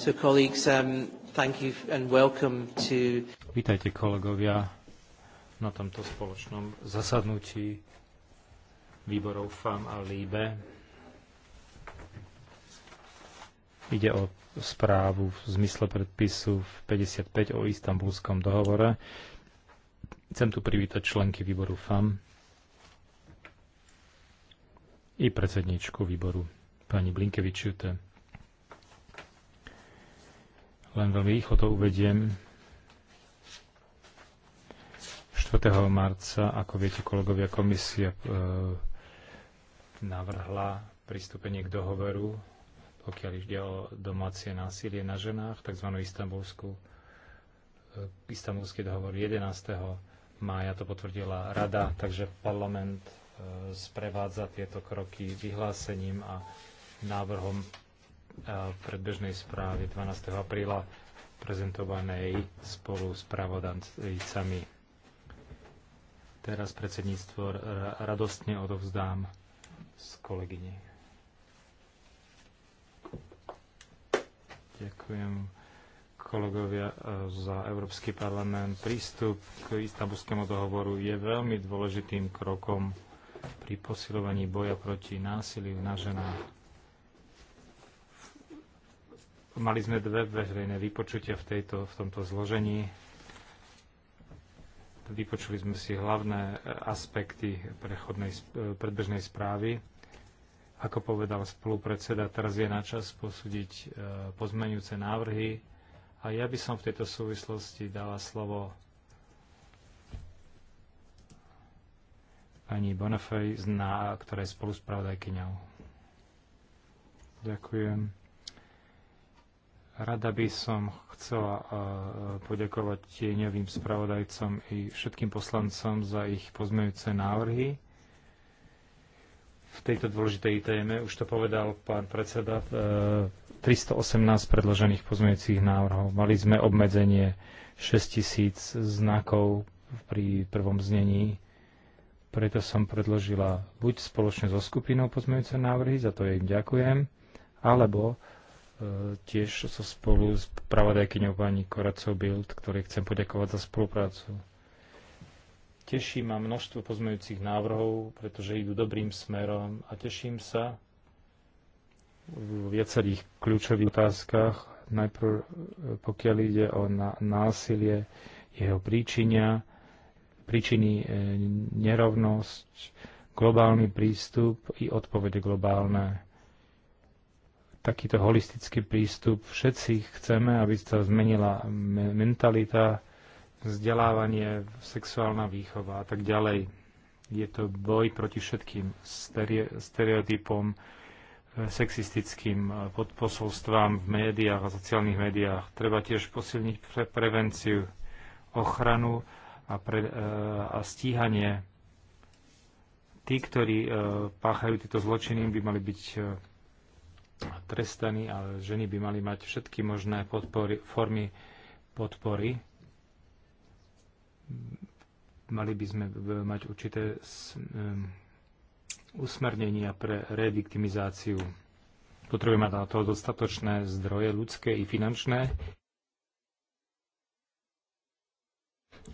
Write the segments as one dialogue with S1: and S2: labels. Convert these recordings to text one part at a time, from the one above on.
S1: So colleagues, um, thank you and welcome to... Vítajte
S2: kolegovia na tomto spoločnom zasadnutí výborov FAM a LIBE. Ide o správu v zmysle predpisu v 55 o istambulskom dohovore. Chcem tu privítať členky výboru FAM i predsedničku výboru pani Blinkevičiute. Len veľmi rýchlo to uvediem. 4. marca, ako viete, kolegovia, komisia e, navrhla pristúpenie k dohovoru, pokiaľ ide o domácie násilie na ženách, tzv. istambulskú e, istambulský dohovor 11. mája to potvrdila rada, takže parlament e, sprevádza tieto kroky vyhlásením a návrhom predbežnej správy 12. apríla prezentovanej spolu s pravodancami. Teraz predsedníctvo radostne odovzdám s kolegyne. Ďakujem kolegovia za Európsky parlament. Prístup k istambulskému dohovoru je veľmi dôležitým krokom pri posilovaní boja proti násiliu na ženách Mali sme dve verejné vypočutia v, tejto, v tomto zložení. Vypočuli sme si hlavné e, aspekty prechodnej, e, predbežnej správy. Ako povedal spolupredseda, teraz je na čas posúdiť e, pozmenujúce návrhy. A ja by som v tejto súvislosti dala slovo pani Bonafej, ktorá je spoluspravodajkyňou. Ďakujem. Rada by som chcela e, poďakovať tieňovým spravodajcom i všetkým poslancom za ich pozmejúce návrhy. V tejto dôležitej téme, už to povedal pán predseda, 318 e, predložených pozmejúcich návrhov. Mali sme obmedzenie 6000 znakov pri prvom znení, preto som predložila buď spoločne so skupinou pozmejúce návrhy, za to ja im ďakujem, alebo tiež so spolu s pravodajkyňou pani Koracov Bild, ktorý chcem poďakovať za spoluprácu. Teší ma množstvo pozmeňujúcich návrhov, pretože idú dobrým smerom a teším sa v viacerých kľúčových otázkach. Najprv, eh, pokiaľ ide o násilie, jeho príčinia, príčiny eh, nerovnosť, globálny prístup i odpovede globálne takýto holistický prístup. Všetci chceme, aby sa zmenila mentalita, vzdelávanie, sexuálna výchova a tak ďalej. Je to boj proti všetkým stereotypom, e, sexistickým e, podposolstvám v médiách a sociálnych médiách. Treba tiež posilniť pre prevenciu, ochranu a, pre, e, a stíhanie. Tí, ktorí páchajú tieto zločiny, by mali byť trestaní, ale ženy by mali mať všetky možné podpory, formy podpory. Mali by sme mať určité usmernenia pre reviktimizáciu. Potrebujeme na to dostatočné zdroje ľudské i finančné,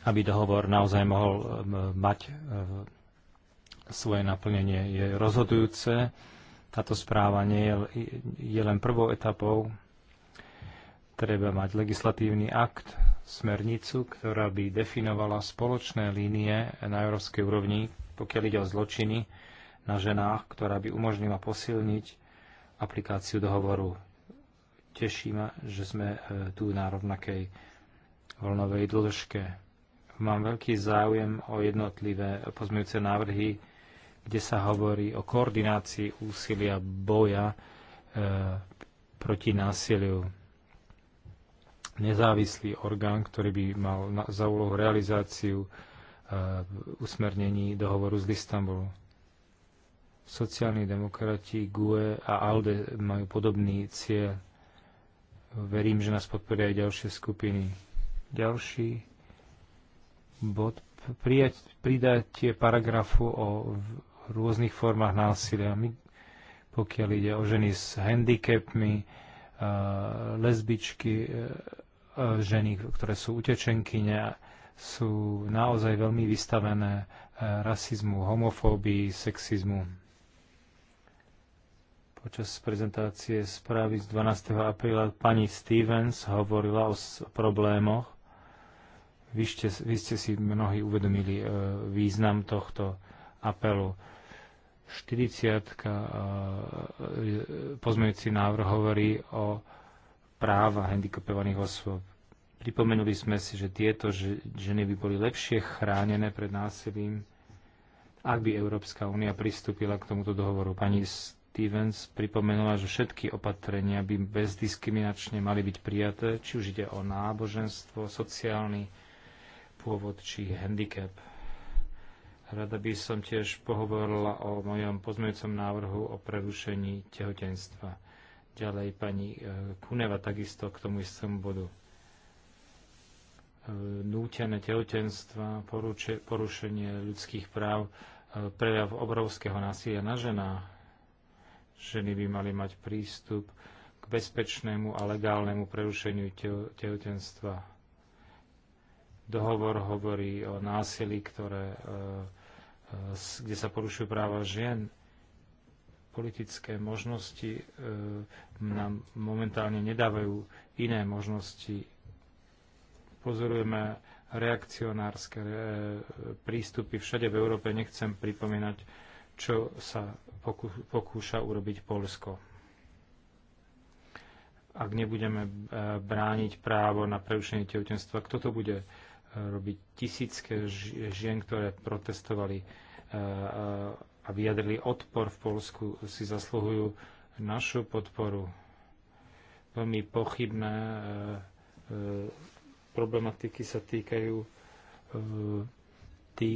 S2: aby dohovor naozaj mohol mať svoje naplnenie. Je rozhodujúce, táto správa nie je, je len prvou etapou. Treba mať legislatívny akt, smernicu, ktorá by definovala spoločné línie na európskej úrovni, pokiaľ ide o zločiny na ženách, ktorá by umožnila posilniť aplikáciu dohovoru. Teší ma, že sme e, tu na rovnakej voľnovej dĺžke. Mám veľký záujem o jednotlivé pozmejúce návrhy kde sa hovorí o koordinácii úsilia boja e, proti násiliu. Nezávislý orgán, ktorý by mal na, za úlohu realizáciu e, usmernení dohovoru z Istanbulu. Sociálni demokrati, GUE a ALDE majú podobný cieľ. Verím, že nás podporia aj ďalšie skupiny. Ďalší bod prijať, tie paragrafu o rôznych formách násilia. My, pokiaľ ide o ženy s handicapmi, lesbičky, ženy, ktoré sú utečenkyne, sú naozaj veľmi vystavené rasizmu, homofóbii, sexizmu. Počas prezentácie správy z 12. apríla pani Stevens hovorila o problémoch vy ste, vy ste si mnohí uvedomili e, význam tohto apelu. 40 e, pozmeňujúci návrh hovorí o práva handicapovaných osôb. Pripomenuli sme si, že tieto ženy by boli lepšie chránené pred násilím, ak by Európska únia pristúpila k tomuto dohovoru. Pani Stevens pripomenula, že všetky opatrenia by bezdiskriminačne mali byť prijaté, či už ide o náboženstvo, sociálny pôvod či handicap. Rada by som tiež pohovorila o mojom pozmeňujúcom návrhu o prerušení tehotenstva. Ďalej pani e, Kuneva takisto k tomu istému bodu. E, nútené tehotenstva, porušenie ľudských práv, e, prejav obrovského násilia na ženách. Ženy by mali mať prístup k bezpečnému a legálnemu prerušeniu tehotenstva Dohovor hovorí o násilí, ktoré, e, e, kde sa porušujú práva žien. Politické možnosti e, nám momentálne nedávajú iné možnosti. Pozorujeme reakcionárske prístupy všade v Európe. Nechcem pripomínať, čo sa pokúša urobiť Polsko. Ak nebudeme brániť právo na prerušenie tehotenstva, kto to bude robiť tisícké žien, ktoré protestovali e, e, a vyjadrili odpor v Polsku, si zasluhujú našu podporu. Veľmi pochybné e, problematiky sa týkajú tí,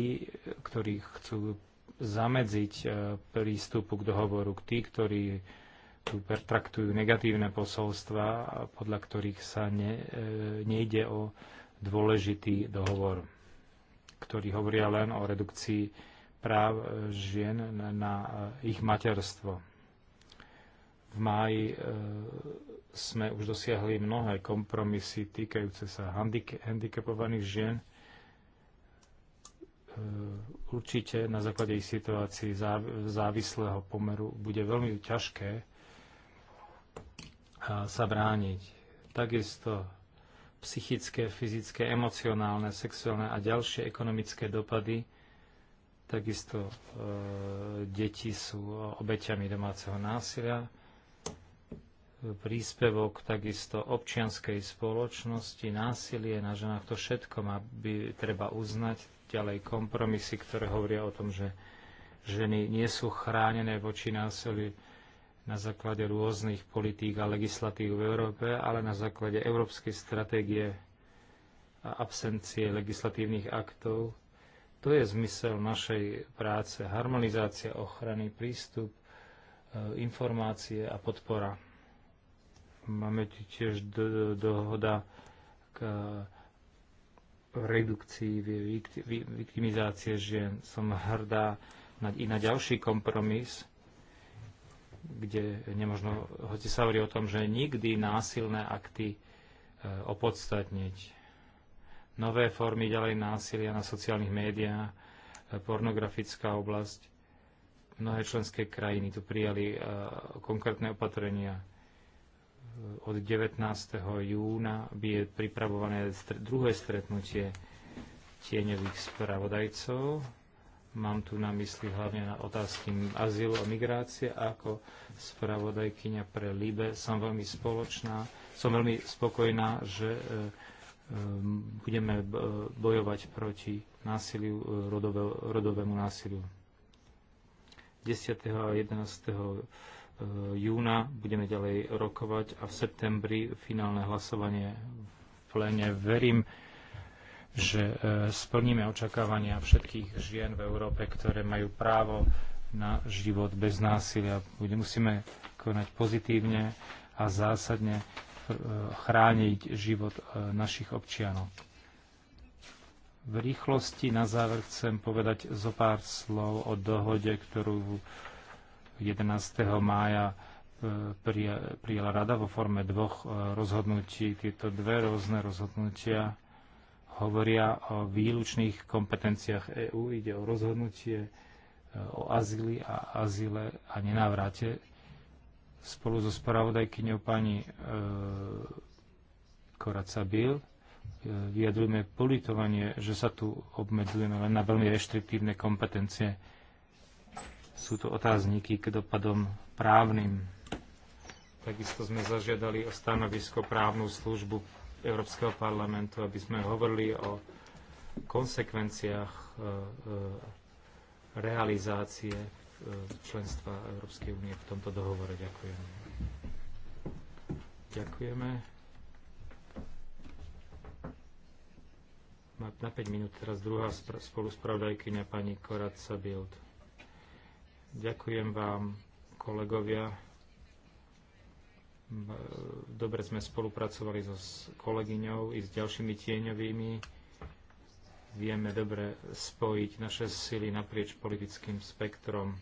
S2: ktorí chcú zamedziť prístupu k dohovoru, k tí, ktorí tu pertraktujú negatívne posolstva, podľa ktorých sa ne, nejde o dôležitý dohovor, ktorý hovoria len o redukcii práv žien na eh, ich materstvo. V máji eh, sme už dosiahli mnohé kompromisy týkajúce sa handicapovaných žien. Eh, určite na základe ich situácii závislého pomeru bude veľmi ťažké sa brániť. Takisto psychické, fyzické, emocionálne, sexuálne a ďalšie ekonomické dopady. Takisto e, deti sú obeťami domáceho násilia. Príspevok takisto občianskej spoločnosti, násilie na ženách, to všetko má, by treba uznať. Ďalej kompromisy, ktoré hovoria o tom, že ženy nie sú chránené voči násiliu na základe rôznych politík a legislatív v Európe, ale na základe európskej stratégie a absencie legislatívnych aktov. To je zmysel našej práce. Harmonizácia ochrany, prístup, e, informácie a podpora. Máme tu tiež do, do, dohoda k e, redukcii viktimizácie žien. Som hrdá na, i na ďalší kompromis, kde nemožno, hoci sa hovorí o tom, že nikdy násilné akty e, opodstatniť. Nové formy ďalej násilia na sociálnych médiách, e, pornografická oblasť. Mnohé členské krajiny tu prijali e, konkrétne opatrenia. Od 19. júna by je pripravované druhé stretnutie tieňových spravodajcov Mám tu na mysli hlavne na otázky azylu a migrácie. A ako spravodajkyňa pre Libe som veľmi spoločná, som veľmi spokojná, že e, e, budeme e, bojovať proti násiliu, rodové, rodovému násiliu. 10. a 11. júna budeme ďalej rokovať a v septembri finálne hlasovanie v plene. Verím, že e, splníme očakávania všetkých žien v Európe, ktoré majú právo na život bez násilia. Musíme konať pozitívne a zásadne e, chrániť život e, našich občianov. V rýchlosti na záver chcem povedať zo pár slov o dohode, ktorú 11. mája prijala rada vo forme dvoch rozhodnutí. Tieto dve rôzne rozhodnutia hovoria o výlučných kompetenciách EÚ, ide o rozhodnutie e, o azyli a azyle a nenávrate. Spolu so spravodajkyňou pani e, Koraca Bil e, vyjadrujeme politovanie, že sa tu obmedzujeme len na veľmi reštriktívne kompetencie. Sú to otázniky k dopadom právnym. Takisto sme zažiadali o stanovisko právnu službu Európskeho parlamentu, aby sme hovorili o konsekvenciách e, e, realizácie e, členstva Európskej únie v tomto dohovore. Ďakujem. Ďakujeme. Na 5 minút teraz druhá spoluspravodajkyňa pani Koradca Bild. Ďakujem vám, kolegovia. Dobre sme spolupracovali so s kolegyňou i s ďalšími tieňovými. Vieme dobre spojiť naše sily naprieč politickým spektrom.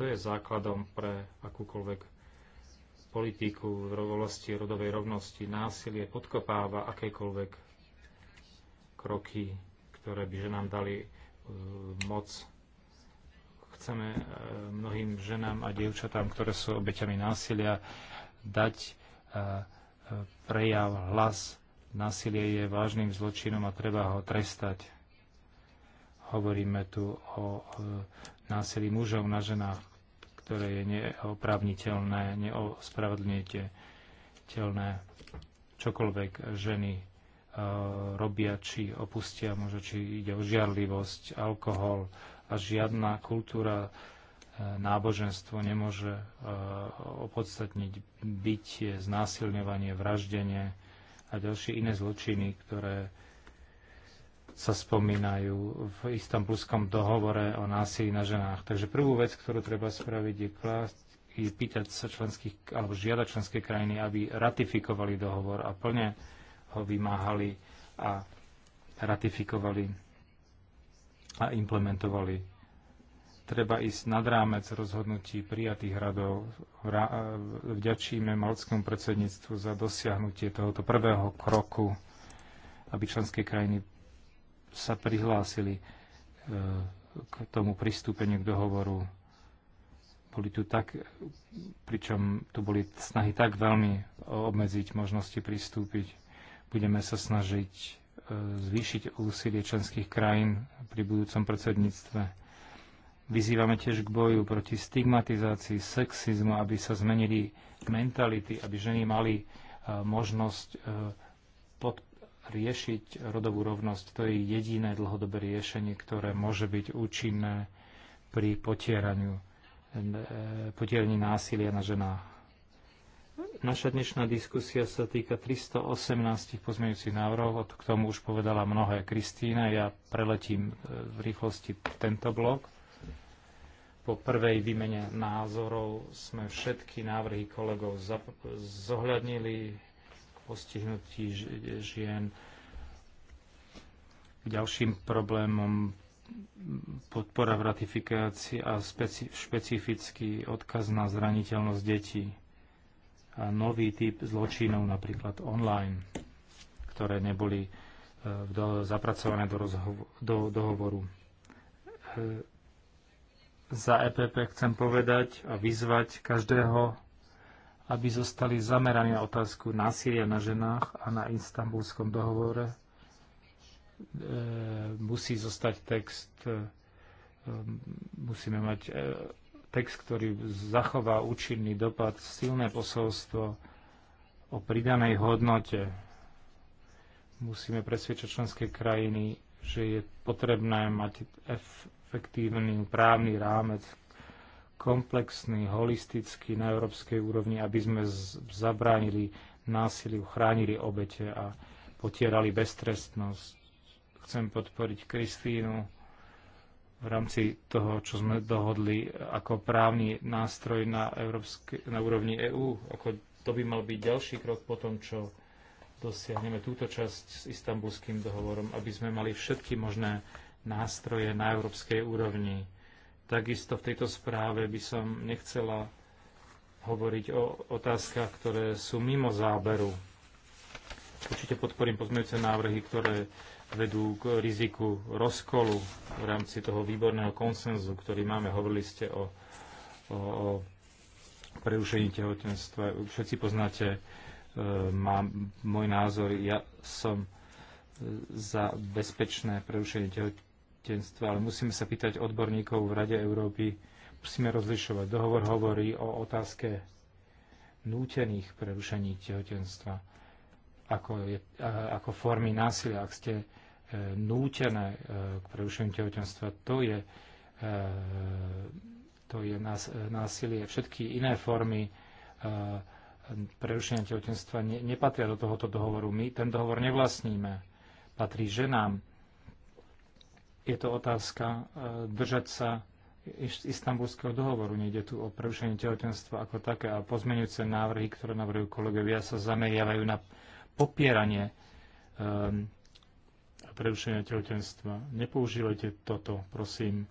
S2: To je základom pre akúkoľvek politiku v rovolosti, rodovej rovnosti. Násilie podkopáva akékoľvek kroky, ktoré by ženám dali uh, moc chceme uh, mnohým ženám a dievčatám, ktoré sú obeťami násilia, dať e, prejav, hlas. Násilie je vážnym zločinom a treba ho trestať. Hovoríme tu o e, násilí mužov na ženách, ktoré je neopravniteľné, neospravedlniteľné. Čokoľvek ženy e, robia, či opustia, možno či ide o žiarlivosť, alkohol a žiadna kultúra náboženstvo nemôže e, opodstatniť bytie, znásilňovanie, vraždenie a ďalšie iné zločiny, ktoré sa spomínajú v istambulskom dohovore o násilí na ženách. Takže prvú vec, ktorú treba spraviť, je klásť i pýtať sa členských, alebo žiadať členské krajiny, aby ratifikovali dohovor a plne ho vymáhali a ratifikovali a implementovali treba ísť nad rámec rozhodnutí prijatých radov. E, vďačíme malckému predsedníctvu za dosiahnutie tohoto prvého kroku, aby členské krajiny sa prihlásili e, k tomu pristúpeniu k dohovoru. Boli tu tak, pričom tu boli snahy tak veľmi obmedziť možnosti pristúpiť. Budeme sa snažiť e, zvýšiť úsilie členských krajín pri budúcom predsedníctve Vyzývame tiež k boju proti stigmatizácii sexizmu, aby sa zmenili mentality, aby ženy mali e, možnosť e, pod, riešiť rodovú rovnosť. To je jediné dlhodobé riešenie, ktoré môže byť účinné pri potieraniu, e, potieraní násilia na ženách. Naša dnešná diskusia sa týka 318 pozmeňujúcich návrhov, k tomu už povedala mnohé Kristína, ja preletím v rýchlosti tento blok. Po prvej výmene názorov sme všetky návrhy kolegov zohľadnili k postihnutí žien. Ďalším problémom podpora v ratifikácii a špecifický odkaz na zraniteľnosť detí a nový typ zločinov, napríklad online, ktoré neboli e, do, zapracované do, do dohovoru. E za EPP chcem povedať a vyzvať každého, aby zostali zameraní na otázku násilia na ženách a na istambulskom dohovore. E, musí zostať text, e, musíme mať e, text, ktorý zachová účinný dopad, silné posolstvo o pridanej hodnote. Musíme presvedčať členské krajiny že je potrebné mať efektívny právny rámec, komplexný, holistický na európskej úrovni, aby sme zabránili násiliu, chránili obete a potierali beztrestnosť. Chcem podporiť Kristínu v rámci toho, čo sme dohodli ako právny nástroj na, európske, na úrovni EÚ. Ako to by mal byť ďalší krok po tom, čo dosiahneme túto časť s istambulským dohovorom, aby sme mali všetky možné nástroje na európskej úrovni. Takisto v tejto správe by som nechcela hovoriť o otázkach, ktoré sú mimo záberu. Určite podporím pozmeňujúce návrhy, ktoré vedú k riziku rozkolu v rámci toho výborného konsenzu, ktorý máme. Hovorili ste o, o, o prerušení tehotenstva. Všetci poznáte E, mám môj názor, ja som e, za bezpečné prerušenie tehotenstva, ale musíme sa pýtať odborníkov v Rade Európy, musíme rozlišovať. Dohovor hovorí o otázke nútených prerušení tehotenstva ako, je, ako formy násilia. Ak ste e, nútené k prerušeniu tehotenstva, to je, to je násilie. Všetky iné formy prerušenia tehotenstva ne, nepatria do tohoto dohovoru. My ten dohovor nevlastníme. Patrí ženám. Je to otázka e, držať sa istambulského dohovoru. Nejde tu o prerušenie tehotenstva ako také a pozmeňujúce návrhy, ktoré navrhujú kolegovia, sa zameriavajú na popieranie um, prerušenia tehotenstva. Nepoužívajte toto, prosím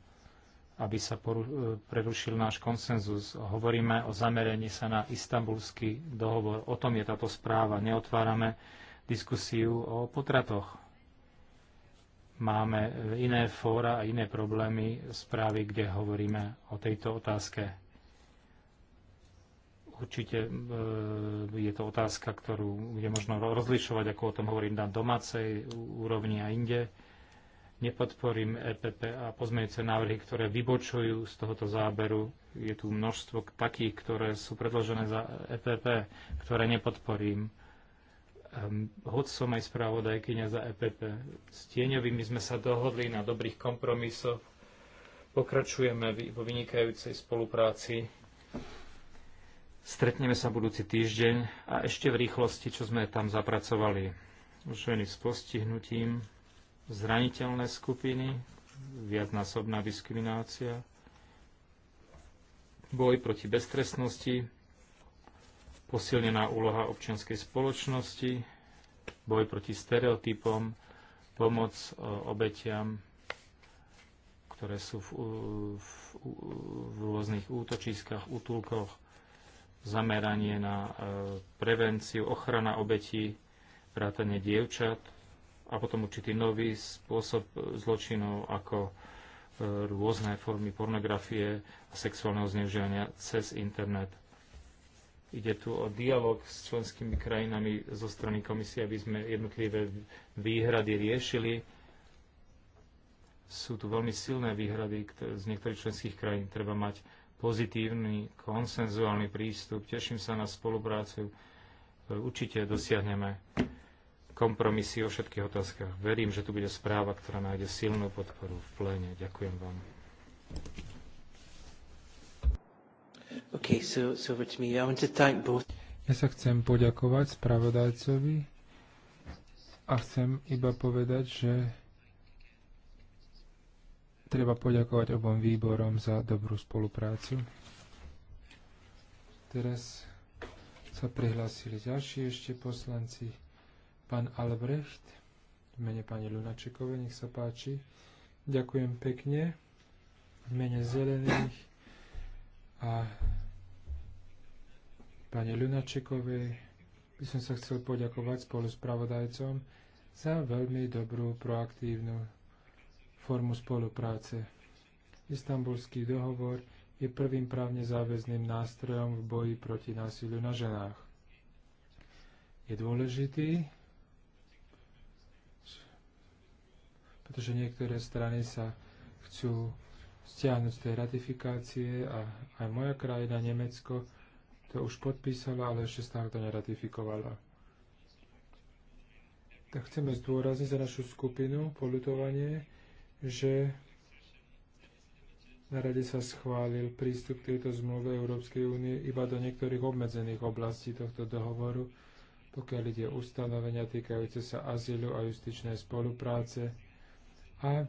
S2: aby sa poru- e, prerušil náš konsenzus. Hovoríme o zamerení sa na istambulský dohovor. O tom je táto správa. Neotvárame diskusiu o potratoch. Máme iné fóra a iné problémy správy, kde hovoríme o tejto otázke. Určite e, je to otázka, ktorú je možno rozlišovať, ako o tom hovorím na domácej úrovni a inde nepodporím EPP a pozmeňujúce návrhy, ktoré vybočujú z tohoto záberu. Je tu množstvo takých, ktoré sú predložené za EPP, ktoré nepodporím. Um, hoď som aj spravodajkyňa za EPP. S Tieňovými sme sa dohodli na dobrých kompromisoch. Pokračujeme vo vynikajúcej spolupráci Stretneme sa budúci týždeň a ešte v rýchlosti, čo sme tam zapracovali. Ženy s postihnutím, zraniteľné skupiny, viacnásobná diskriminácia, boj proti beztrestnosti, posilnená úloha občianskej spoločnosti, boj proti stereotypom, pomoc e, obetiam, ktoré sú v, v, v rôznych útočiskách, útulkoch, zameranie na e, prevenciu, ochrana obetí, vrátanie dievčat, a potom určitý nový spôsob zločinov ako e, rôzne formy pornografie a sexuálneho zneužívania cez internet. Ide tu o dialog s členskými krajinami zo strany komisie, aby sme jednotlivé výhrady riešili. Sú tu veľmi silné výhrady z niektorých členských krajín. Treba mať pozitívny, konsenzuálny prístup. Teším sa na spoluprácu. E, určite dosiahneme kompromisy o všetkých otázkach. Verím, že tu bude správa, ktorá nájde silnú podporu v pléne. Ďakujem vám.
S1: Okay, so, so over to me. I want to thank both.
S3: Ja sa chcem poďakovať spravodajcovi a chcem iba povedať, že treba poďakovať obom výborom za dobrú spoluprácu. Teraz sa prihlásili ďalší ešte poslanci. Pán Albrecht, v mene pani Lunačekovej, nech sa páči. Ďakujem pekne. V mene zelených a pani Lunačekovej by som sa chcel poďakovať spolu s pravodajcom za veľmi dobrú proaktívnu formu spolupráce. Istanbulský dohovor je prvým právne záväzným nástrojom v boji proti násiliu na ženách. Je dôležitý, pretože niektoré strany sa chcú stiahnuť z tej ratifikácie a aj moja krajina, Nemecko, to už podpísala, ale ešte stále to neratifikovala. Tak chceme zdôrazniť za našu skupinu polutovanie, že na rade sa schválil prístup k tejto zmluve Európskej únie iba do niektorých obmedzených oblastí tohto dohovoru, pokiaľ ide ustanovenia týkajúce sa azylu a justičnej spolupráce, a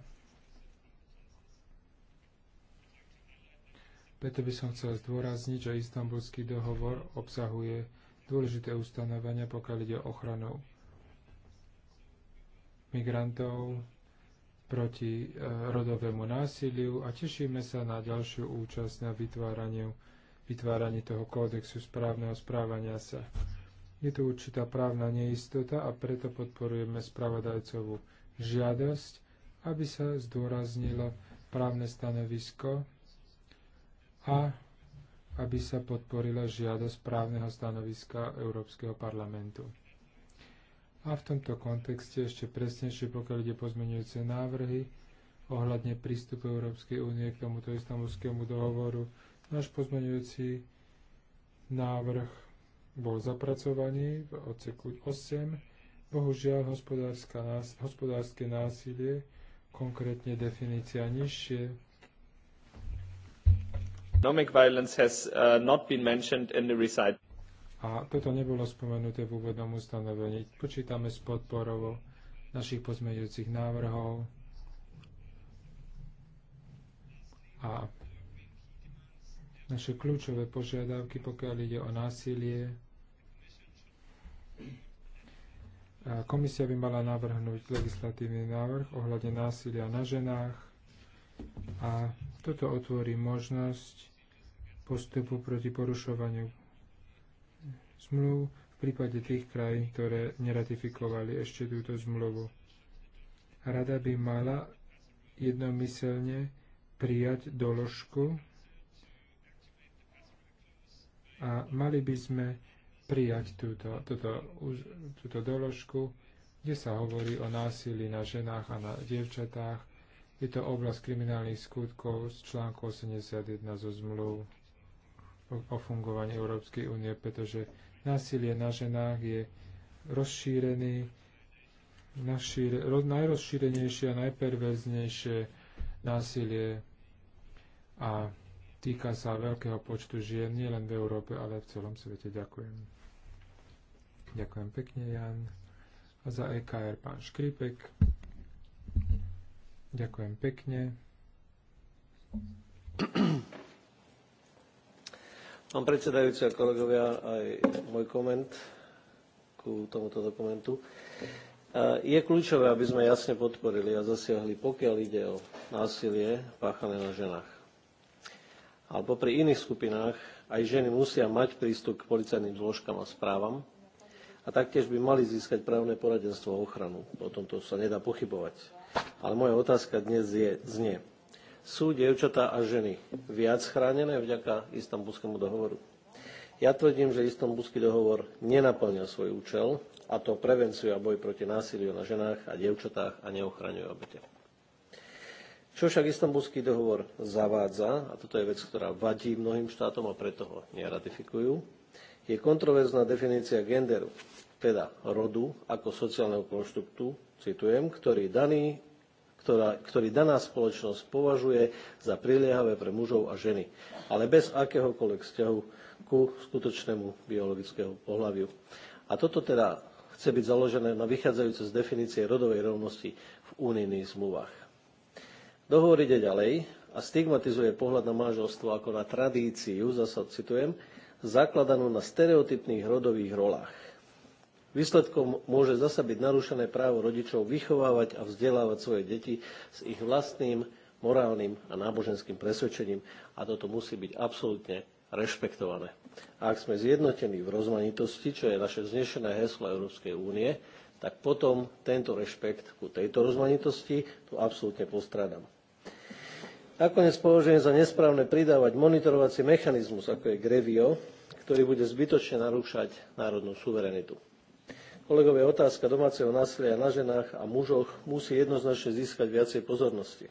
S3: preto by som chcel zdôrazniť, že istambulský dohovor obsahuje dôležité ustanovenia, pokiaľ ide o ochranu migrantov proti e, rodovému násiliu a tešíme sa na ďalšiu účasť na vytváraniu, vytváraní toho kódexu správneho správania sa. Je tu určitá právna neistota a preto podporujeme spravodajcovú žiadosť aby sa zdôraznilo právne stanovisko a aby sa podporila žiadosť právneho stanoviska Európskeho parlamentu. A v tomto kontexte ešte presnejšie, pokiaľ ide pozmenujúce návrhy ohľadne prístupu Európskej únie k tomuto istambulskému dohovoru, náš pozmenujúci návrh bol zapracovaný v odseku 8. Bohužiaľ, hospodárske násilie konkrétne definícia nižšie.
S2: Economic violence has uh, not been mentioned in the recital.
S3: A toto nebolo spomenuté v úvodnom ustanovení. Počítame s podporou našich pozmeňujúcich návrhov a naše kľúčové požiadavky, pokiaľ ide o násilie, Komisia by mala navrhnúť legislatívny návrh ohľadne násilia na ženách a toto otvorí možnosť postupu proti porušovaniu zmluv v prípade tých krajín, ktoré neratifikovali ešte túto zmluvu. Rada by mala jednomyselne prijať doložku a mali by sme prijať túto, túto, túto doložku, kde sa hovorí o násilí na ženách a na dievčatách. Je to oblasť kriminálnych skutkov z článku 81 zo zmluv o, o fungovaní Európskej únie, pretože násilie na ženách je rozšírený, našíre, roz, najrozšírenejšie a najperverznejšie násilie a týka sa veľkého počtu žien nielen v Európe, ale v celom svete. Ďakujem. Ďakujem pekne, Jan. A za EKR pán Škripek. Ďakujem pekne.
S4: Pán predsedajúci a kolegovia, aj môj koment ku tomuto dokumentu. E, je kľúčové, aby sme jasne podporili a zasiahli, pokiaľ ide o násilie páchané na ženách alebo pri iných skupinách aj ženy musia mať prístup k policajným zložkám a správam a taktiež by mali získať právne poradenstvo a ochranu. O tomto sa nedá pochybovať. Ale moja otázka dnes je, znie. Sú dievčatá a ženy viac chránené vďaka istambulskému dohovoru? Ja tvrdím, že istambulský dohovor nenaplňa svoj účel, a to prevenciu a boj proti násiliu na ženách a dievčatách a neochraňuje obete. Čo však istambulský dohovor zavádza, a toto je vec, ktorá vadí mnohým štátom a preto ho neratifikujú, je kontroverzná definícia genderu, teda rodu ako sociálneho konštruktu, citujem, ktorý, daný, ktorá, ktorý daná spoločnosť považuje za priliehavé pre mužov a ženy, ale bez akéhokoľvek vzťahu ku skutočnému biologickému pohľaviu. A toto teda chce byť založené na vychádzajúce z definície rodovej rovnosti v unijných zmluvách. Dohovor ide ďalej a stigmatizuje pohľad na manželstvo ako na tradíciu, zasa citujem, zakladanú na stereotypných rodových rolách. Výsledkom môže zasa byť narušené právo rodičov vychovávať a vzdelávať svoje deti s ich vlastným morálnym a náboženským presvedčením a toto musí byť absolútne rešpektované. A ak sme zjednotení v rozmanitosti, čo je naše vznešené heslo Európskej únie, tak potom tento rešpekt ku tejto rozmanitosti tu absolútne postradám. Nakoniec považujem za nesprávne pridávať monitorovací mechanizmus, ako je Grevio, ktorý bude zbytočne narúšať národnú suverenitu. Kolegovia, otázka domáceho násilia na ženách a mužoch musí jednoznačne získať viacej pozornosti.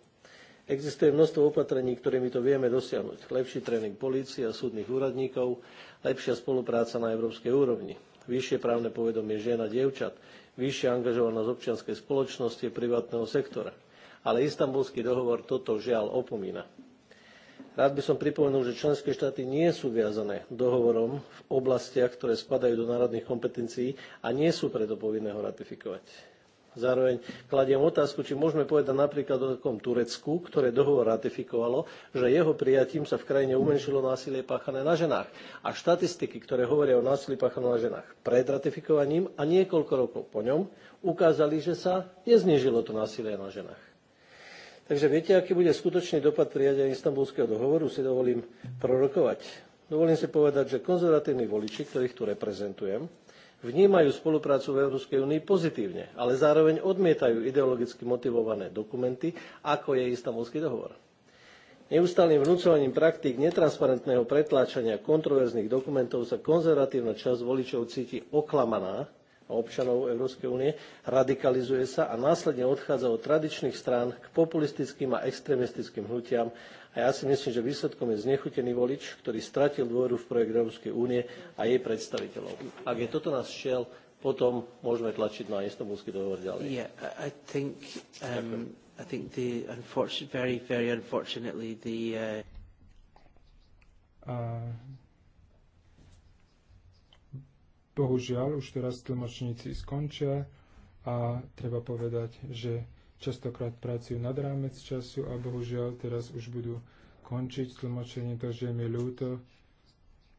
S4: Existuje množstvo opatrení, ktorými to vieme dosiahnuť. Lepší tréning polície a súdnych úradníkov, lepšia spolupráca na európskej úrovni, vyššie právne povedomie žien a dievčat, vyššia angažovanosť občianskej spoločnosti a privátneho sektora, ale istambulský dohovor toto žiaľ opomína. Rád by som pripomenul, že členské štáty nie sú viazané dohovorom v oblastiach, ktoré spadajú do národných kompetencií a nie sú preto povinné ho ratifikovať. Zároveň kladiem otázku, či môžeme povedať napríklad o takom Turecku, ktoré dohovor ratifikovalo, že jeho prijatím sa v krajine umenšilo násilie páchané na ženách. A štatistiky, ktoré hovoria o násilí páchanom na ženách pred ratifikovaním a niekoľko rokov po ňom, ukázali, že sa neznížilo to násilie na ženách. Takže viete, aký bude skutočný dopad prijatia istambulského dohovoru, si dovolím prorokovať. Dovolím si povedať, že konzervatívni voliči, ktorých tu reprezentujem, vnímajú spoluprácu v Európskej únii pozitívne, ale zároveň odmietajú ideologicky motivované dokumenty, ako je istambulský dohovor. Neustálým vnúcovaním praktík netransparentného pretláčania kontroverzných dokumentov sa konzervatívna časť voličov cíti oklamaná a občanov Európskej únie, radikalizuje sa a následne odchádza od tradičných strán k populistickým a extrémistickým hnutiam a ja si myslím, že výsledkom je znechutený volič, ktorý stratil dôveru v projekt Európskej únie a jej predstaviteľov. Ak je toto nás šiel, potom môžeme tlačiť na istambulský dohovor ďalej.
S1: Yeah, I think, um, I think the unfortunate, very, very unfortunately the... Uh...
S3: Uh, Bohužiaľ, už teraz tlmočníci skončia a treba povedať, že častokrát pracujú nad rámec času a bohužiaľ teraz už budú končiť tlmočenie, takže je mi ľúto.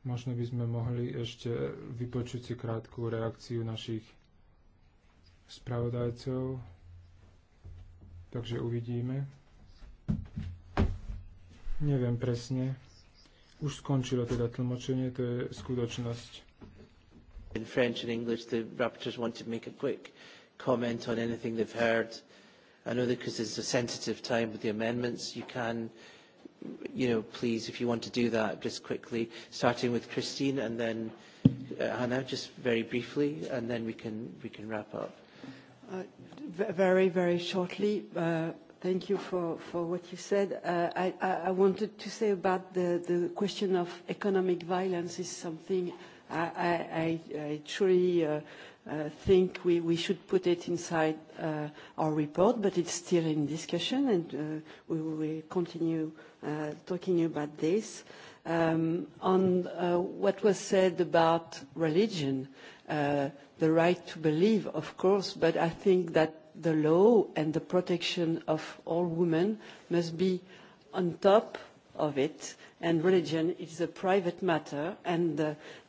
S3: Možno by sme mohli ešte vypočuť si krátku reakciu našich spravodajcov. Takže uvidíme. Neviem presne. Už skončilo teda tlmočenie, to je skutočnosť
S1: in French and English, the rapporteurs want to make a quick comment on anything they've heard. I know that because it's a sensitive time with the amendments, you can, you know, please, if you want to do that, just quickly, starting with Christine and then uh, Hannah, just very briefly, and then we can, we can wrap up. Uh, very, very shortly, uh, thank you for, for what you said. Uh, I, I wanted to say about the, the question of economic violence is something i, I, I truly uh, uh, think we, we should put it inside uh, our report, but it's still in discussion, and uh, we will continue uh, talking about this. Um, on uh, what was said about religion, uh, the right to believe, of course, but I think that the law and the protection of all women must be on top of it, and religion is a private matter, and uh,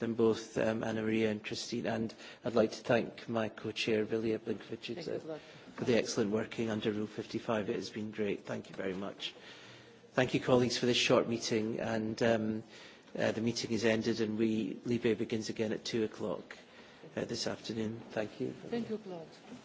S1: than both um, Anna Maria and Christine. And I'd like to thank my co-chair, Vilja Blinkovic, uh, for the excellent working under Rule 55. It has been great. Thank you very much. Thank you, colleagues, for this short meeting. And um, uh, the meeting is ended, and we Libe begins again at 2 o'clock uh, this afternoon. Thank you. Thank
S3: you, Claude.